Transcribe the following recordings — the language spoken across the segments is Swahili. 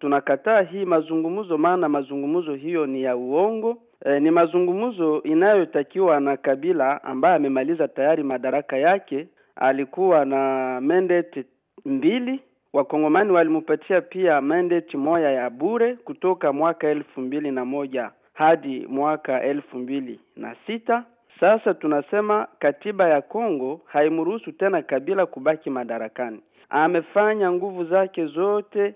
tunakataa hii mazungumzo, maana mazungumzo hiyo ni ya uongo. E, ni mazungumzo inayotakiwa na Kabila ambaye amemaliza tayari madaraka yake. Alikuwa na mandate mbili, wakongomani walimpatia pia mandate moja ya bure kutoka mwaka elfu mbili na moja hadi mwaka elfu mbili na sita. Sasa tunasema katiba ya Kongo haimruhusu tena Kabila kubaki madarakani. Amefanya nguvu zake zote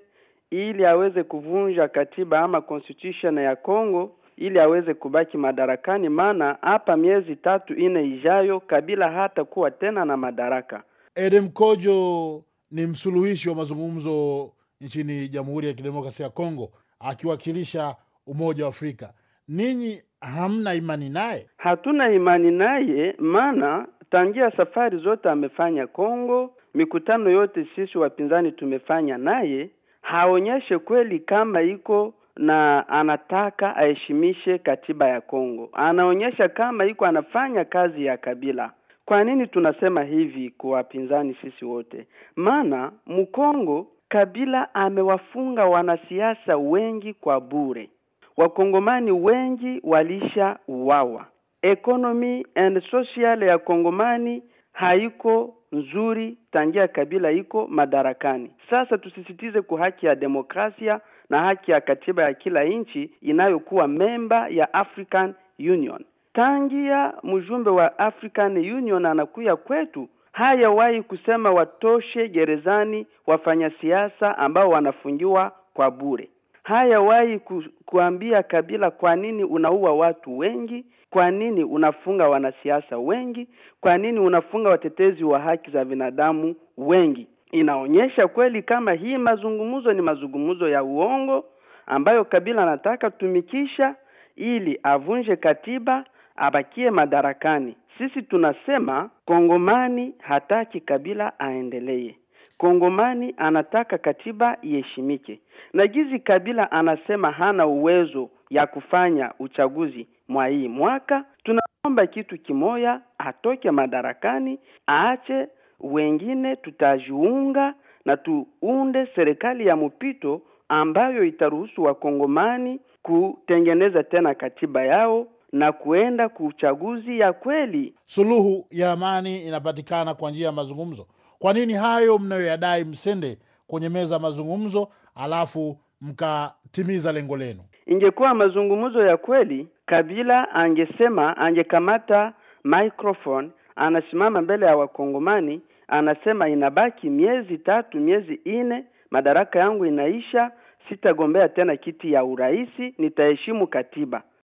ili aweze kuvunja katiba ama constitution ya Kongo ili aweze kubaki madarakani, maana hapa miezi tatu ine ijayo Kabila hata kuwa tena na madaraka. Edem Kojo ni msuluhishi wa mazungumzo nchini Jamhuri ya Kidemokrasia ya Kongo akiwakilisha Umoja wa Afrika. Ninyi hamna imani naye? Hatuna imani naye, maana tangia safari zote amefanya Kongo, mikutano yote sisi wapinzani tumefanya naye haonyeshe kweli kama iko na anataka aheshimishe katiba ya Kongo, anaonyesha kama iko anafanya kazi ya kabila. Kwa nini tunasema hivi kwa wapinzani sisi wote? Maana Mkongo Kabila amewafunga wanasiasa wengi kwa bure. Wakongomani wengi walisha uwawa. Economy and social ya Kongomani haiko nzuri tangia Kabila iko madarakani. Sasa tusisitize kwa haki ya demokrasia na haki ya katiba ya kila nchi inayokuwa memba ya African Union. Tangia mjumbe wa African Union anakuya kwetu, hayawahi kusema watoshe gerezani wafanyasiasa ambao wanafungiwa kwa bure hayawahi ku, kuambia Kabila kwa nini unaua watu wengi, kwa nini unafunga wanasiasa wengi, kwa nini unafunga watetezi wa haki za binadamu wengi. Inaonyesha kweli kama hii mazungumzo ni mazungumzo ya uongo ambayo Kabila anataka kutumikisha ili avunje katiba abakie madarakani. Sisi tunasema Kongomani hataki Kabila aendelee. Kongomani anataka katiba iheshimike, na jizi Kabila anasema hana uwezo ya kufanya uchaguzi mwa hii mwaka. Tunaomba kitu kimoya, atoke madarakani, aache wengine, tutajiunga na tuunde serikali ya mpito ambayo itaruhusu wakongomani kutengeneza tena katiba yao na kuenda uchaguzi ya kweli. Suluhu ya amani inapatikana kwa njia ya mazungumzo. Kwa nini hayo mnayoyadai msende kwenye meza ya mazungumzo alafu mkatimiza lengo lenu? Ingekuwa mazungumzo ya kweli, Kabila angesema, angekamata microphone, anasimama mbele ya Wakongomani anasema, inabaki miezi tatu, miezi nne, madaraka yangu inaisha, sitagombea tena kiti ya urahisi nitaheshimu katiba.